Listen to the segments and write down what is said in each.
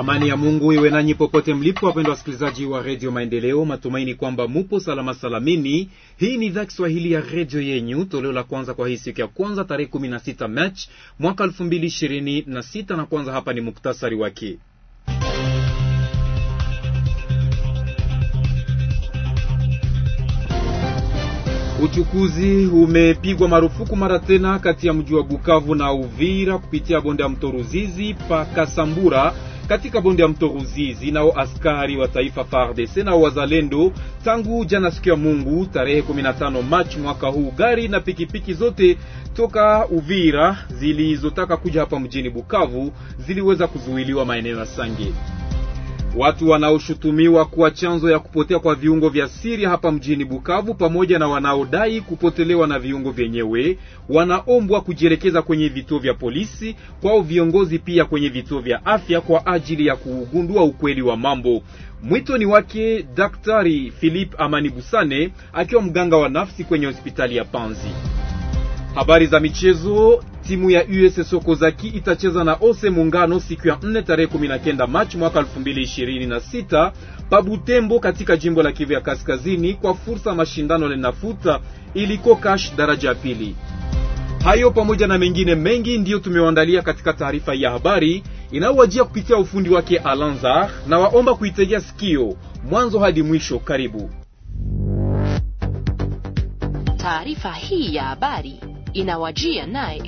Amani ya Mungu iwe nanyi popote mlipo, wapendwa wasikilizaji wa redio Maendeleo. Matumaini kwamba mupo salama salamini. Hii ni idhaa Kiswahili ya redio yenyu, toleo la kwanza kwa hii siku ya kwanza tarehe 16 Machi mwaka 2026, na kwanza hapa ni muktasari wake. Uchukuzi umepigwa marufuku mara tena kati ya mji wa Bukavu na Uvira kupitia bonde ya mto Ruzizi pa Kasambura katika bonde ya mto Ruzizi. Nao askari wa taifa FARDC na wazalendo tangu jana siku ya Mungu tarehe 15 Machi mwaka huu, gari na pikipiki zote toka Uvira zilizotaka kuja hapa mjini Bukavu ziliweza kuzuiliwa maeneo ya Sange. Watu wanaoshutumiwa kuwa chanzo ya kupotea kwa viungo vya siri hapa mjini Bukavu pamoja na wanaodai kupotelewa na viungo vyenyewe wanaombwa kujielekeza kwenye vituo vya polisi kwao viongozi, pia kwenye vituo vya afya kwa ajili ya kugundua ukweli wa mambo. Mwito ni wake Daktari Philip Amani Busane akiwa mganga wa nafsi kwenye hospitali ya Panzi. Habari za michezo timu ya US soko zaki itacheza na Ose Muungano siku ya 4 tarehe 19 Machi mwaka 2026 pa Butembo katika jimbo la Kivu ya Kaskazini kwa fursa mashindano lenafuta iliko cash daraja ya pili. Hayo pamoja na mengine mengi ndiyo tumewaandalia katika taarifa ya habari inayowajia kupitia ufundi wake Alanzar, na waomba kuitegea sikio mwanzo hadi mwisho. Karibu taarifa hii ya habari inawajia naye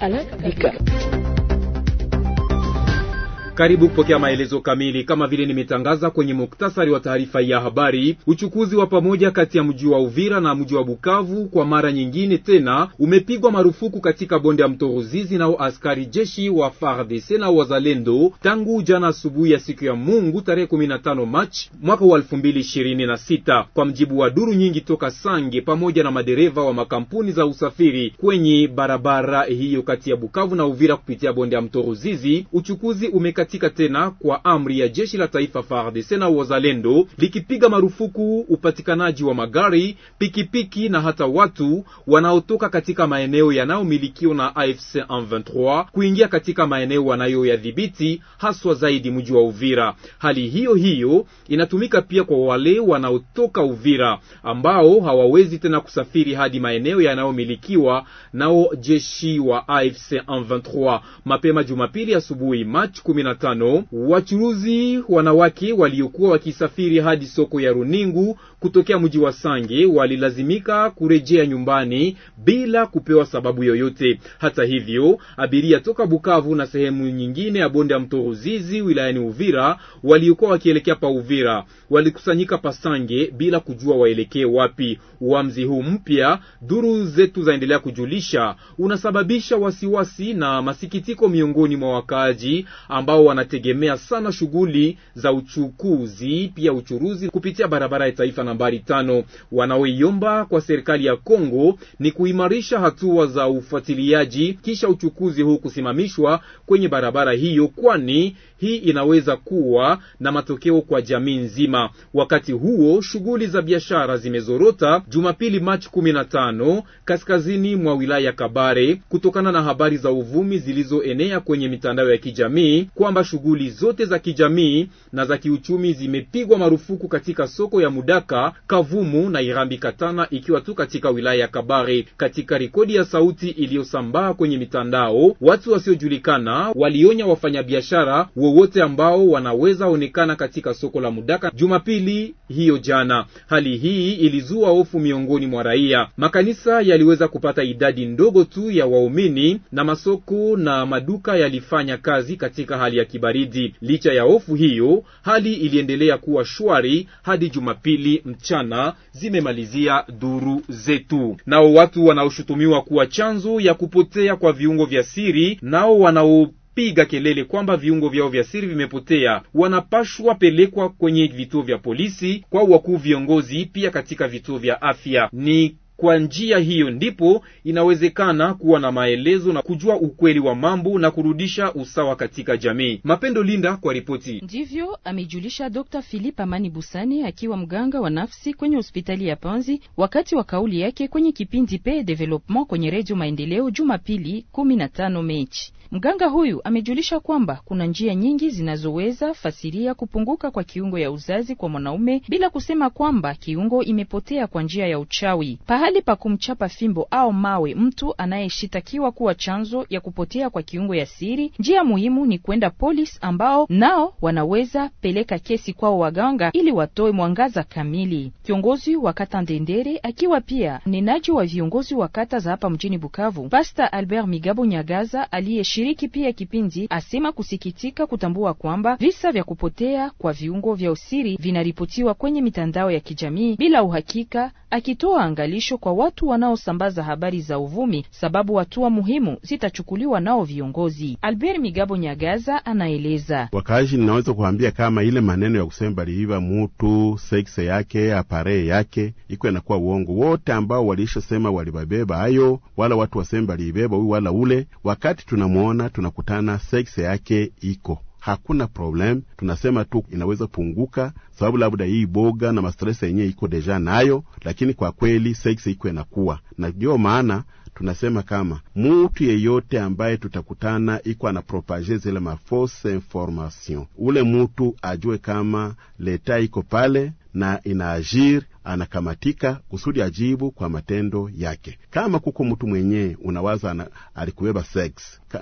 karibu kupokea maelezo kamili. Kama vile nimetangaza kwenye muktasari wa taarifa ya habari, uchukuzi wa pamoja kati ya mji wa Uvira na mji wa Bukavu kwa mara nyingine tena umepigwa marufuku katika bonde ya mto Ruzizi nao askari jeshi wa FARDC na wazalendo tangu jana asubuhi ya siku ya Mungu tarehe 15 Machi mwaka wa 2026, kwa mjibu wa duru nyingi toka Sange pamoja na madereva wa makampuni za usafiri kwenye barabara hiyo kati ya Bukavu na Uvira kupitia bonde ya mto Ruzizi. Uchukuzi ume katika tena kwa amri ya jeshi la taifa FARDC na wazalendo likipiga marufuku upatikanaji wa magari, pikipiki na hata watu wanaotoka katika maeneo yanayomilikiwa na AFC M23 kuingia katika maeneo wanayoyadhibiti haswa zaidi mji wa Uvira. Hali hiyo hiyo inatumika pia kwa wale wanaotoka Uvira ambao hawawezi tena kusafiri hadi maeneo yanayomilikiwa nao jeshi wa AFC M23. Mapema Jumapili asubuhi Machi 25 wachuruzi wanawake waliokuwa wakisafiri hadi soko ya Runingu kutokea mji wa Sange walilazimika kurejea nyumbani bila kupewa sababu yoyote. Hata hivyo, abiria toka Bukavu na sehemu nyingine ya bonde ya mto Ruzizi wilayani Uvira waliokuwa wakielekea pa Uvira walikusanyika pa Sange bila kujua waelekee wapi. Uamzi huu mpya, duru zetu zaendelea kujulisha, unasababisha wasiwasi na masikitiko miongoni mwa wakaaji ambao ambao wanategemea sana shughuli za uchukuzi pia uchuruzi kupitia barabara ya taifa nambari tano. Wanaoiomba kwa serikali ya Kongo ni kuimarisha hatua za ufuatiliaji kisha uchukuzi huu kusimamishwa kwenye barabara hiyo kwani hii inaweza kuwa na matokeo kwa jamii nzima. Wakati huo shughuli za biashara zimezorota Jumapili Machi 15 kaskazini mwa wilaya Kabare kutokana na habari za uvumi zilizoenea kwenye mitandao ya kijamii kwamba shughuli zote za kijamii na za kiuchumi zimepigwa marufuku katika soko ya Mudaka, Kavumu na Irambi Katana ikiwa tu katika wilaya ya Kabare. Katika rekodi ya sauti iliyosambaa kwenye mitandao, watu wasiojulikana walionya wafanyabiashara wa wowote ambao wanaweza onekana katika soko la Mudaka Jumapili hiyo jana. Hali hii ilizua hofu miongoni mwa raia. Makanisa yaliweza kupata idadi ndogo tu ya waumini na masoko na maduka yalifanya kazi katika hali ya kibaridi. Licha ya hofu hiyo, hali iliendelea kuwa shwari hadi Jumapili mchana, zimemalizia duru zetu. Nao watu wanaoshutumiwa kuwa chanzo ya kupotea kwa viungo vya siri nao wanao wanapiga kelele kwamba viungo vyao vya siri vimepotea, wanapashwa pelekwa kwenye vituo vya polisi, kwa wakuu viongozi, pia katika vituo vya afya. Ni kwa njia hiyo ndipo inawezekana kuwa na maelezo na kujua ukweli wa mambo na kurudisha usawa katika jamii. Mapendo Linda kwa ripoti. Ndivyo amejulisha Dr. Philip Amani Busani akiwa mganga wa nafsi kwenye hospitali ya Panzi wakati wa kauli yake kwenye kipindi Pe Development kwenye redio Maendeleo Jumapili 15 Mechi. Mganga huyu amejulisha kwamba kuna njia nyingi zinazoweza fasiria kupunguka kwa kiungo ya uzazi kwa mwanaume bila kusema kwamba kiungo imepotea kwa njia ya uchawi. Pahali pa kumchapa fimbo au mawe mtu anayeshitakiwa kuwa chanzo ya kupotea kwa kiungo ya siri, njia muhimu ni kwenda polisi, ambao nao wanaweza peleka kesi kwao waganga ili watoe mwangaza kamili. Kiongozi wa kata Ndendere akiwa pia mnenaji wa viongozi wa kata za hapa mjini Bukavu, Pasta Albert Migabo Nyagaza aliyeshi alishiriki pia kipindi, asema kusikitika kutambua kwamba visa vya kupotea kwa viungo vya usiri vinaripotiwa kwenye mitandao ya kijamii bila uhakika, akitoa angalisho kwa watu wanaosambaza habari za uvumi, sababu hatua muhimu zitachukuliwa nao viongozi. Albert Migabo Nyagaza anaeleza wakaaji, ninaweza kuambia kama ile maneno ya kusema baliiba mutu sekse yake aparee yake iko inakuwa uongo. Wote ambao walishasema walibabeba hayo, wala watu wasema baliibeba huyu wala ule, wakati tunamu tunamwona, tunakutana sekse yake iko hakuna problem, tunasema tu inaweza punguka sababu labda hii boga na mastresa yenyewe iko deja nayo, lakini kwa kweli sex iko inakuwa na ndio maana tunasema kama mutu yeyote ambaye tutakutana iko propage zile fausse information, ule mutu ajue kama leta iko pale na inaajiri anakamatika kusudi ajibu kwa matendo yake. Kama kuko mtu mwenye unawaza alikubeba sex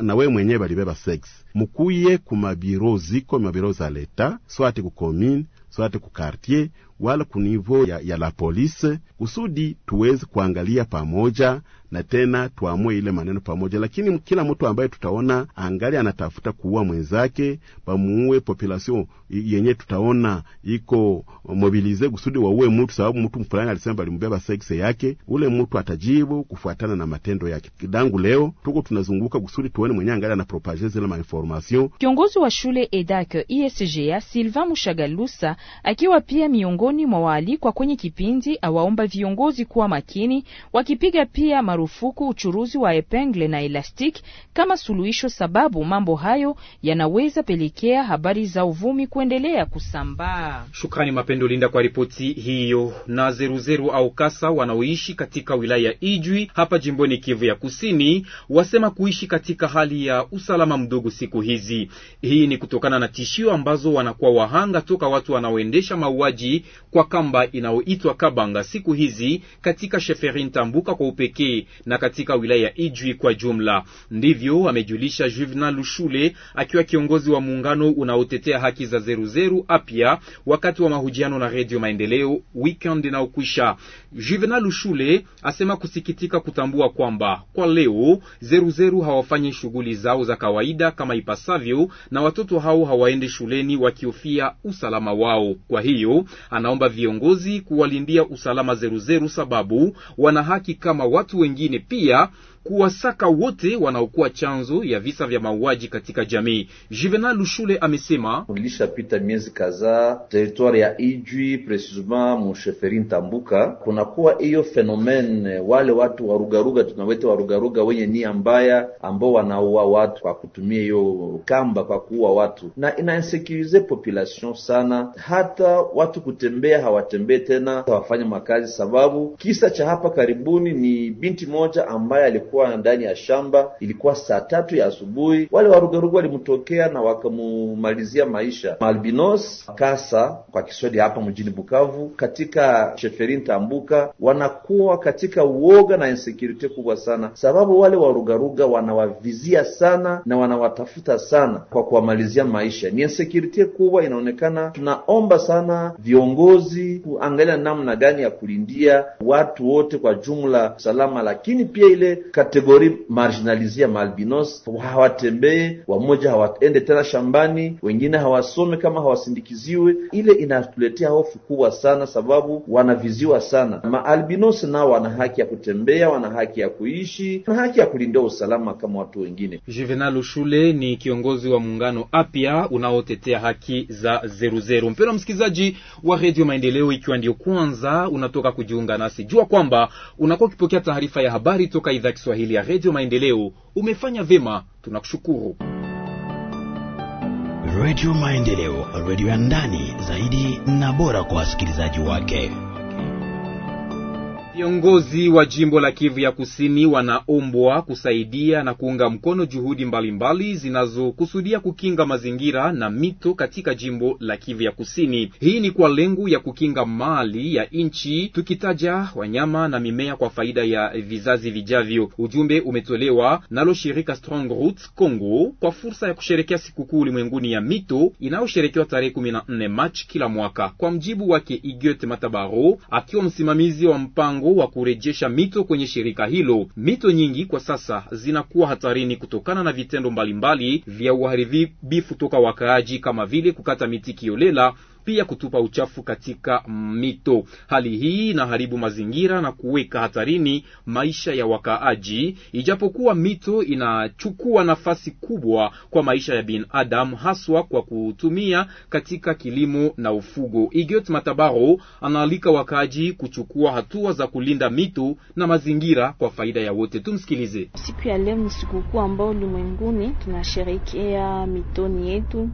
na we mwenye balibeba sex, mukuye kumabiro ziko mabiro za leta, swati kukomine, swati kukartier wala kunivo ya, ya la polisi, kusudi tuweze kuangalia pamoja na tena tuamue ile maneno pamoja. Lakini kila mtu ambaye tutaona angali anatafuta kuua mwenzake, pamuue population yenye tutaona iko mobilize kusudi waue mtu, sababu mtu mfulani alisema balimbeba sekse yake, ule mtu atajibu kufuatana na matendo yake. Dangu leo tuko tunazunguka kusudi tuone mwenye angali anapropage zile mainformasio Kiongozi wa shule EDAC ESGA Silva Mushagalusa akiwa pia miongoni miongoni mwa waalikwa kwenye kipindi awaomba viongozi kuwa makini, wakipiga pia marufuku uchuruzi wa epengle na elastik kama suluhisho, sababu mambo hayo yanaweza pelekea habari za uvumi kuendelea kusambaa. Shukrani Mapendo Linda kwa ripoti hiyo. Na zeruzeru au kasa wanaoishi katika wilaya ya Ijwi hapa jimboni Kivu ya Kusini wasema kuishi katika hali ya usalama mdogo siku hizi. Hii ni kutokana na tishio ambazo wanakuwa wahanga toka watu wanaoendesha mauaji kwa kamba inayoitwa Kabanga siku hizi katika Sheferin Tambuka kwa upekee na katika wilaya ya Ijwi kwa jumla. Ndivyo amejulisha Juvenal Lushule akiwa kiongozi wa muungano unaotetea haki za zeruzeru apya wakati wa mahojiano na Redio Maendeleo weekend inaokwisha. Juvenal Ushule asema kusikitika kutambua kwamba kwa leo zeruzeru hawafanyi shughuli zao za kawaida kama ipasavyo, na watoto hao hawaendi shuleni wakihofia usalama wao. Kwa hiyo anaomba viongozi kuwalindia usalama zeruzeru, sababu wana haki kama watu wengine pia kuwasaka wote wanaokuwa chanzo ya visa vya mauaji katika jamii. Juvenal Lushule amesema ulishapita miezi kadhaa teritwari ya Ijwi presisema musheferi Ntambuka, kunakuwa hiyo fenomene, wale watu warugaruga, tunawete warugaruga wenye nia mbaya ambao wanaua watu kwa kutumia hiyo kamba kwa kuua watu, na inainsekurize population sana, hata watu kutembea hawatembee tena, hawafanya makazi, sababu kisa cha hapa karibuni ni binti moja ambaye alikuwa alikuwa ndani ya shamba. Ilikuwa saa tatu ya asubuhi, wale warugaruga walimtokea na wakamumalizia maisha. malbinos Kasa kwa Kiswahili hapa mjini Bukavu, katika Sheferin Tambuka, wanakuwa katika uoga na insecurity kubwa sana, sababu wale warugaruga wanawavizia sana na wanawatafuta sana kwa kuwamalizia maisha. Ni insecurity kubwa inaonekana. Tunaomba sana viongozi kuangalia namna gani ya kulindia watu wote kwa jumla salama, lakini pia ile kategori marginalizia malbinos hawatembee wamoja, hawaende tena shambani, wengine hawasome kama hawasindikiziwe. Ile inatuletea hofu kubwa sana, sababu wanaviziwa sana. Maalbinos nao wana haki ya kutembea, wana haki ya kuishi, na haki ya kulindia usalama kama watu wengine. Juvenal Ushule ni kiongozi wa muungano Apya unaotetea haki za zeruzeru. Mpendwa msikilizaji wa Redio Maendeleo, ikiwa ndio kwanza unatoka kujiunga nasi, jua kwamba unakuwa ukipokea taarifa ya habari toka idhaa Kiswahili ya Redio Maendeleo. Umefanya vyema, tunakushukuru. Redio Maendeleo, redio ya ndani zaidi na bora kwa wasikilizaji wake. Viongozi wa jimbo la Kivu ya Kusini wanaombwa kusaidia na kuunga mkono juhudi mbalimbali zinazokusudia kukinga mazingira na mito katika jimbo la Kivu ya Kusini. Hii ni kwa lengo ya kukinga mali ya nchi, tukitaja wanyama na mimea kwa faida ya vizazi vijavyo. Ujumbe umetolewa nalo shirika Strong Roots Congo kwa fursa ya kusherekea sikukuu ulimwenguni ya mito inayosherekewa tarehe 14 Machi kila mwaka. Kwa mjibu wake Igote Matabaro, akiwa msimamizi wa mpango mpango wa kurejesha mito kwenye shirika hilo. Mito nyingi kwa sasa zinakuwa hatarini kutokana na vitendo mbalimbali vya uharibifu toka wakaaji kama vile kukata miti kiolela pia kutupa uchafu katika mito. Hali hii inaharibu mazingira na kuweka hatarini maisha ya wakaaji, ijapokuwa mito inachukua nafasi kubwa kwa maisha ya binadamu, haswa kwa kutumia katika kilimo na ufugo. Igot Matabaro anaalika wakaaji kuchukua hatua za kulinda mito na mazingira kwa faida ya wote. Tumsikilize. Siku ya leo ni sikukuu ambayo ulimwenguni tunasherekea mitoni yetu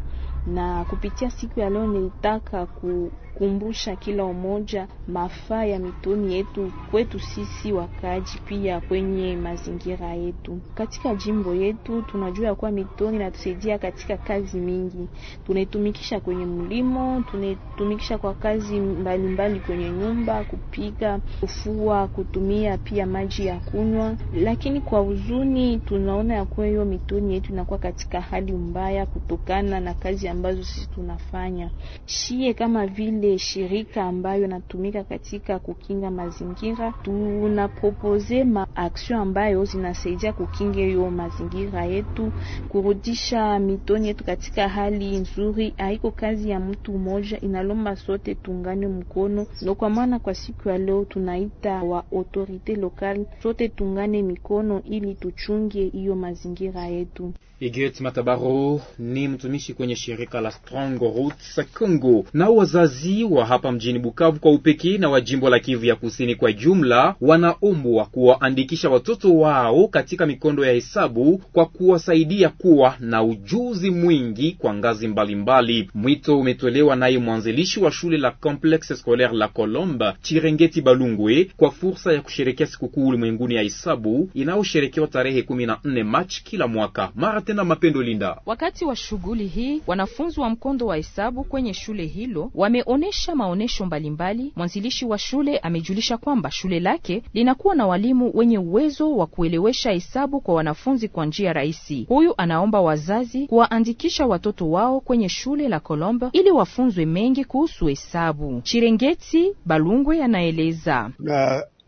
na kupitia siku ya leo nilitaka ku kukumbusha kila mmoja mafaa ya mitoni yetu kwetu sisi wakaji, pia kwenye mazingira yetu. Katika jimbo yetu tunajua kuwa mitoni inatusaidia katika kazi mingi, tunaitumikisha kwenye mlimo, tunaitumikisha kwa kazi mbalimbali mbali kwenye nyumba, kupika, kufua, kutumia pia maji ya kunywa. Lakini kwa huzuni tunaona ya kuwa hiyo mitoni yetu inakuwa katika hali mbaya kutokana na kazi ambazo sisi tunafanya shie kama vile ile shirika ambayo inatumika katika kukinga mazingira, tunapropose maaksio ambayo zinasaidia kukinga hiyo mazingira yetu, kurudisha mitoni yetu katika hali nzuri. Haiko kazi ya mtu mmoja, inalomba sote tuungane mkono. Ndo kwa maana kwa siku ya leo tunaita wa autorite lokali sote tuungane mikono ili tuchunge hiyo mazingira yetu. Iget Matabaro ni mtumishi kwenye shirika la Strong Roots Congo na wazazi wa hapa mjini Bukavu kwa upekee na wa jimbo la Kivu ya Kusini kwa jumla wanaombwa kuwaandikisha watoto wao katika mikondo ya hesabu kwa kuwasaidia kuwa na ujuzi mwingi kwa ngazi mbalimbali mbali. Mwito umetolewa naye mwanzilishi wa shule la Complexe Scolaire la Colombe Chirengeti Balungwe kwa fursa ya kusherekea sikukuu ulimwenguni ya hesabu inayosherekewa tarehe 14 Machi kila mwaka. Mara tena Mapendo Linda, wakati wa shughuli hii wanafunzi wa mkondo wa hesabu kwenye shule hilo wameone kuonesha maonesho mbalimbali, mwanzilishi wa shule amejulisha kwamba shule lake linakuwa na walimu wenye uwezo wa kuelewesha hesabu kwa wanafunzi kwa njia rahisi. Huyu anaomba wazazi kuwaandikisha watoto wao kwenye shule la Colombe ili wafunzwe mengi kuhusu hesabu. Chirengeti Balungwe anaeleza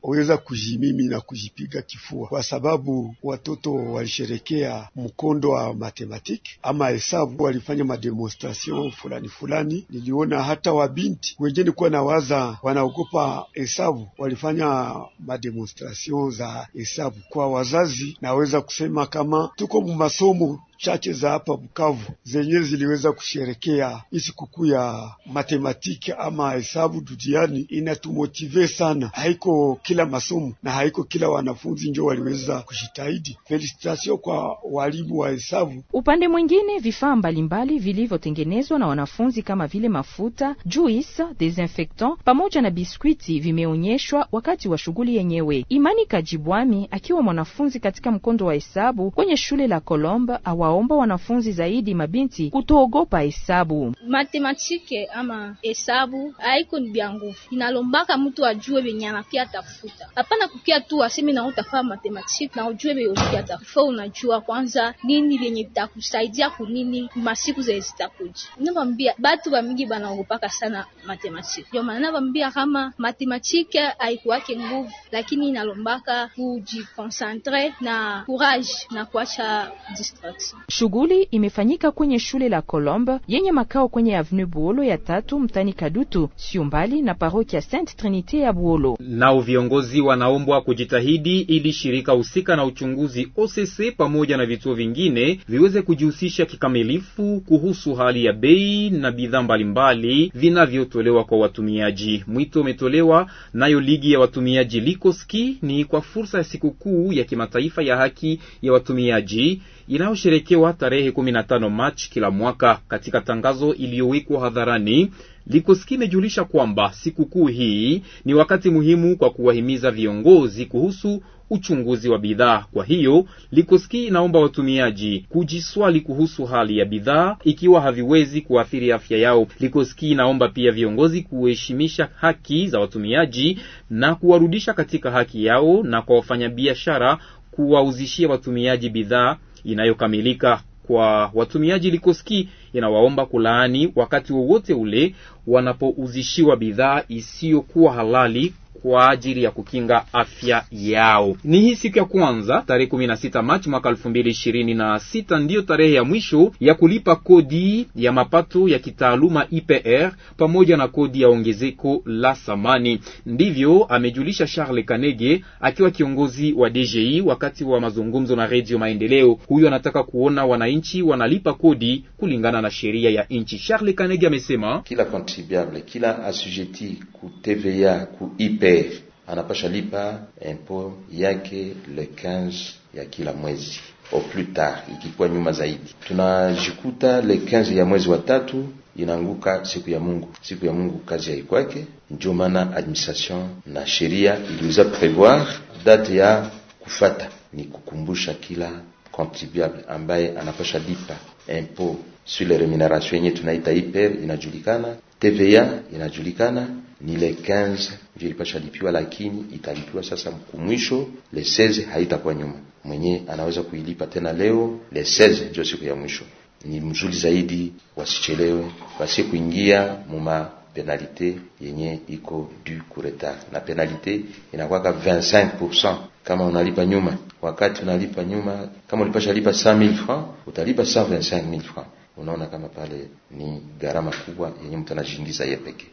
weza kujimimi na kujipiga kifua, kwa sababu watoto walisherekea mkondo wa matematiki ama hesabu, walifanya mademonstration fulani fulani. Niliona hata wabinti wengine kuwa na waza wanaogopa hesabu, walifanya mademonstration za hesabu. Kwa wazazi, naweza kusema kama tuko mumasomo chache za hapa Bukavu zenye ziliweza kusherekea hii ya matematiki ama hesabu duniani, inatumotive sana. Haiko kila masomo na haiko kila wanafunzi ndio waliweza kushitahidi. Felicitation kwa walimu wa hesabu. Upande mwingine, vifaa mbalimbali vilivyotengenezwa na wanafunzi kama vile mafuta, juice, desinfectant pamoja na biskwiti vimeonyeshwa wakati wa shughuli yenyewe. Imani Kajibwami akiwa mwanafunzi katika mkondo wa hesabu kwenye shule la Colombe awa kuwaomba wanafunzi zaidi mabinti kutoogopa hesabu. Matematike ama hesabu haiko ni bya nguvu, inalombaka mtu ajue venye anapia tafuta, hapana kukia tu aseme na utafaa matematike na ujue veyokia tafuta. Unajua kwanza nini vyenye vitakusaidia kunini masiku zenye zitakuja. Navambia batu vamingi banaogopaka sana matematike, ndio maana navambia kama matematike haikuwake nguvu, lakini inalombaka kujikonsantre na courage na kuacha distraction. Shughuli imefanyika kwenye shule la Colombe yenye makao kwenye Avenue Buolo ya tatu mtani Kadutu, sio mbali na parokia Sainte Trinite ya Buolo. Nao viongozi wanaombwa kujitahidi ili shirika husika na uchunguzi OCC pamoja na vituo vingine viweze kujihusisha kikamilifu kuhusu hali ya bei na bidhaa mbalimbali vinavyotolewa kwa watumiaji. Mwito umetolewa nayo ligi ya watumiaji Likoski ni kwa fursa ya sikukuu ya kimataifa ya haki ya watumiaji inayosherekewa tarehe 15 Machi kila mwaka. Katika tangazo iliyowekwa hadharani Likoski imejulisha kwamba sikukuu hii ni wakati muhimu kwa kuwahimiza viongozi kuhusu uchunguzi wa bidhaa. Kwa hiyo Likoski inaomba watumiaji kujiswali kuhusu hali ya bidhaa ikiwa haviwezi kuathiri afya yao. Likoski inaomba pia viongozi kuheshimisha haki za watumiaji na kuwarudisha katika haki yao na kwa wafanyabiashara kuwauzishia watumiaji bidhaa inayokamilika kwa watumiaji Likoski inawaomba kulaani wakati wowote ule wanapouzishiwa bidhaa isiyokuwa halali kwa ajili ya kukinga afya yao. Ni hii siku ya kwanza tarehe 16 Machi mwaka 2026 ndiyo tarehe ya mwisho ya kulipa kodi ya mapato ya kitaaluma IPR pamoja na kodi ya ongezeko la samani Ndivyo amejulisha Charles Kanege akiwa kiongozi wa DGI wakati wa mazungumzo na Radio Maendeleo. Huyu anataka kuona wananchi wanalipa kodi kulingana na sheria ya nchi. Charles Kanege amesema kila contribuable, kila assujetti ku TVA ku IPR taxpayer anapasha lipa impo yake le 15 ya kila mwezi au plus tard, ikikuwa nyuma zaidi tunajikuta le 15 ya mwezi wa tatu inaanguka siku ya Mungu. Siku ya Mungu kazi haikwake, ndio maana administration na sheria iliweza prevoir date ya kufata ni kukumbusha kila contribuable ambaye anapasha lipa impo sur les rémunérations yenye tunaita IPR e inajulikana, TVA inajulikana, ni le 15 ndio ilipashalipiwa, lakini italipiwa sasa kumwisho le 16, haitakuwa nyuma. Mwenye anaweza kuilipa tena leo le 16, ndio siku ya mwisho. Ni mzuri zaidi, wasichelewe, wasie kuingia muma penalite yenye iko du kureta, na penalite inakuwaka 25% kama unalipa nyuma. Wakati unalipa nyuma, kama ulipasha lipa 100000 francs, utalipa 125000 francs. Unaona kama pale ni gharama kubwa yenye mtu anajingiza yeye pekee.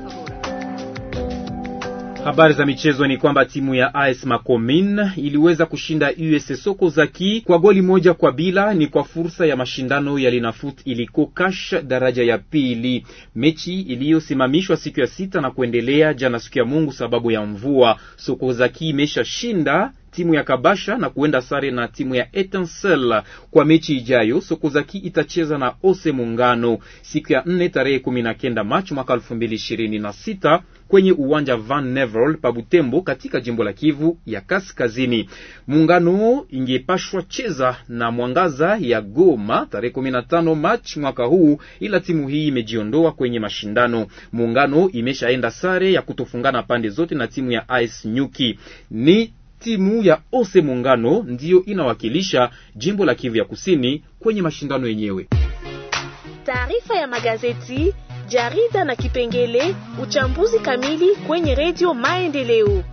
Habari za michezo ni kwamba timu ya AS Makomin iliweza kushinda US Soko Zaki kwa goli moja kwa bila, ni kwa fursa ya mashindano ya Linafoot iliko kash daraja ya pili, mechi iliyosimamishwa siku ya sita na kuendelea jana siku ya Mungu sababu ya mvua. Soko Zaki imeshashinda timu ya Kabasha na kuenda sare na timu ya Etincelle. Kwa mechi ijayo Sokozaki itacheza na Ose Muungano siku ya nne tarehe kumi na kenda Machi mwaka elfu mbili ishirini na sita kwenye uwanja Van Nevel pa Butembo katika jimbo la Kivu ya Kaskazini. Muungano ingepashwa cheza na Mwangaza ya Goma tarehe 15 Machi mwaka huu, ila timu hii imejiondoa kwenye mashindano. Muungano imeshaenda sare ya kutofungana pande zote na timu ya AS Nyuki. Ni timu ya Ose Muungano ndiyo inawakilisha jimbo la Kivu ya Kusini kwenye mashindano yenyewe. Taarifa ya magazeti jarida na kipengele uchambuzi kamili kwenye redio Maendeleo.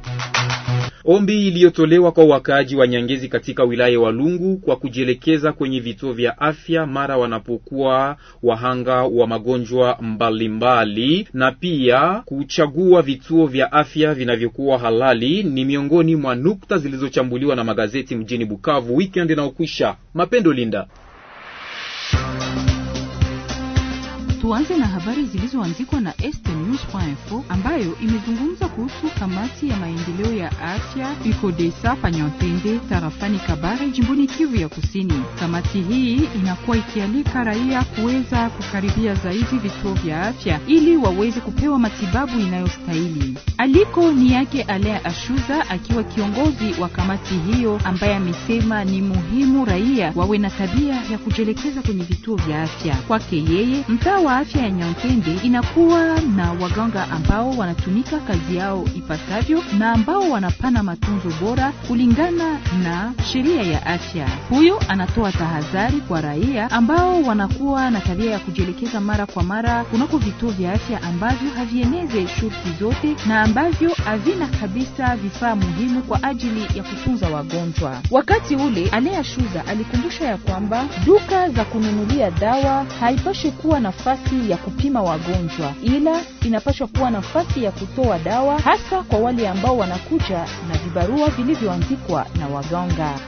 Ombi iliyotolewa kwa wakaaji wa Nyangezi katika wilaya wa lungu kwa kujielekeza kwenye vituo vya afya mara wanapokuwa wahanga wa magonjwa mbalimbali na pia kuchagua vituo vya afya vinavyokuwa halali ni miongoni mwa nukta zilizochambuliwa na magazeti mjini Bukavu weekend na ukwisha. Mapendo Linda Tuanze na habari zilizoandikwa na Este news.info ambayo imezungumza kuhusu kamati ya maendeleo ya afya Ukodesa Panyantende tarafani Kabare jimboni Kivu ya Kusini. Kamati hii inakuwa ikialika raia kuweza kukaribia zaidi vituo vya afya ili waweze kupewa matibabu inayostahili. Aliko ni yake Alea Ashuza akiwa kiongozi wa kamati hiyo ambaye amesema ni muhimu raia wawe na tabia ya kujielekeza kwenye vituo vya afya. Kwake yeye, mtaa wa afya ya Nyankende inakuwa na waganga ambao wanatumika kazi yao ipasavyo na ambao wanapana matunzo bora kulingana na sheria ya afya. Huyo anatoa tahadhari kwa raia ambao wanakuwa na tabia ya kujielekeza mara kwa mara kunako vituo vya afya ambavyo havieneze shurti zote na ambavyo havina kabisa vifaa muhimu kwa ajili ya kutunza wagonjwa. Wakati ule Alea Shuza alikumbusha ya kwamba duka za kununulia dawa haipashi kuwa nafasi ya kupima wagonjwa ila ina inapaswa kuwa nafasi ya kutoa dawa hasa kwa wale ambao wanakuja na vibarua vilivyoandikwa na waganga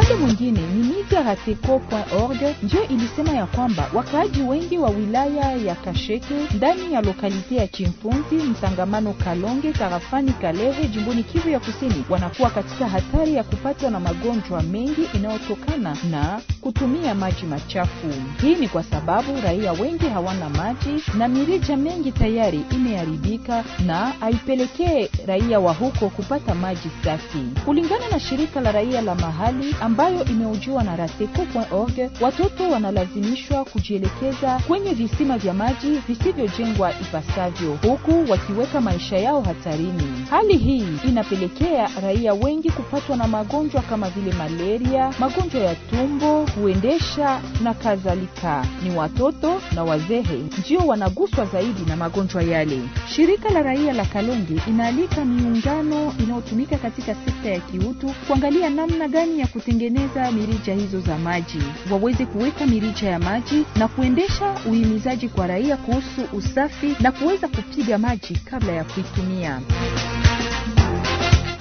upande mwingine minigarateco.org ndio ilisema ya kwamba wakaaji wengi wa wilaya ya Kasheke ndani ya lokalite ya chimfunzi mtangamano Kalonge, tarafani Kalehe, jimboni Kivu ya Kusini, wanakuwa katika hatari ya kupatwa na magonjwa mengi inayotokana na kutumia maji machafu. Hii ni kwa sababu raia wengi hawana maji na mirija mengi tayari imeharibika na haipelekee raia wa huko kupata maji safi, kulingana na shirika la raia la mahali ambayo imeujiwa na raseco.org, watoto wanalazimishwa kujielekeza kwenye visima vya maji visivyojengwa ipasavyo, huku wakiweka maisha yao hatarini. Hali hii inapelekea raia wengi kupatwa na magonjwa kama vile malaria, magonjwa ya tumbo, kuendesha na kadhalika. Ni watoto na wazee ndio wanaguswa zaidi na magonjwa yale. Shirika la raia la Kalonge inaalika miungano inayotumika katika sekta ya kiutu kuangalia namna gani ya kutengeneza kutengeneza mirija hizo za maji, waweze kuweka mirija ya maji na kuendesha uhimizaji kwa raia kuhusu usafi na kuweza kupiga maji kabla ya kuitumia.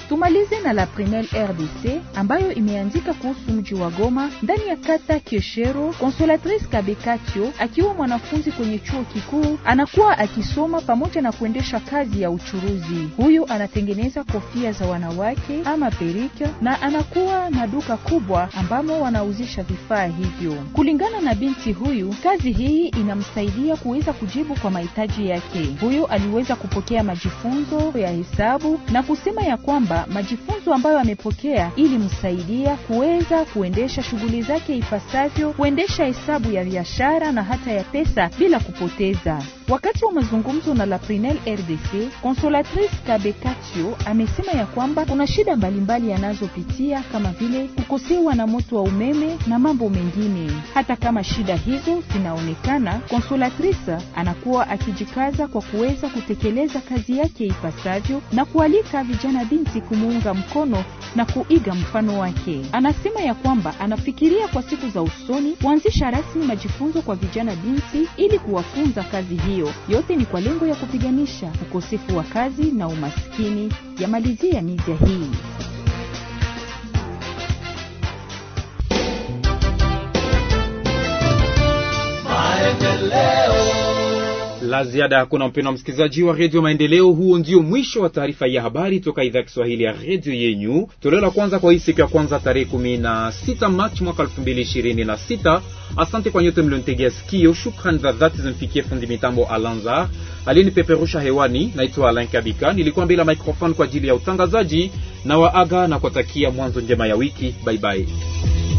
Tumalize na la Prenel RDC ambayo imeandika kuhusu mji wa Goma ndani ya kata Keshero. Consolatrice Kabekatio akiwa mwanafunzi kwenye chuo kikuu anakuwa akisoma pamoja na kuendesha kazi ya uchuruzi. Huyu anatengeneza kofia za wanawake ama perika na anakuwa na duka kubwa ambamo wanauzisha vifaa hivyo. Kulingana na binti huyu, kazi hii inamsaidia kuweza kujibu kwa mahitaji yake. Huyu aliweza kupokea majifunzo ya hesabu na kusema ya kwamba kwamba majifunzo ambayo amepokea ilimsaidia kuweza kuendesha shughuli zake ipasavyo, kuendesha hesabu ya biashara na hata ya pesa bila kupoteza. Wakati wa mazungumzo na la Prinel RDC, Consolatrice Kabekatio amesema ya kwamba kuna shida mbalimbali anazopitia kama vile kukosewa na moto wa umeme na mambo mengine. Hata kama shida hizo zinaonekana, Consolatrice anakuwa akijikaza kwa kuweza kutekeleza kazi yake ipasavyo na kualika vijana binti kumuunga mkono na kuiga mfano wake. Anasema ya kwamba anafikiria kwa siku za usoni kuanzisha rasmi majifunzo kwa vijana binti ili kuwafunza kazi hiyo. Yote ni kwa lengo ya kupiganisha ukosefu wa kazi na umaskini. Yamalizia media hii. la ziada hakuna, wa msikilizaji wa redio Maendeleo. Huo ndio mwisho wa taarifa ya habari toka idhaa ya Kiswahili ya redio yenyu, toleo la kwanza kwa hii siku ya kwanza tarehe 16 Machi mwaka 2026. Asante kwa nyote mlionitegea sikio. Shukrani za dhati zimfikie fundi mitambo Alanza aliyenipeperusha hewani. Naitwa Alain Kabika, nilikuwa mbele ya microphone kwa ajili ya utangazaji na waaga na kuwatakia mwanzo njema ya wiki. Baibai, bye bye.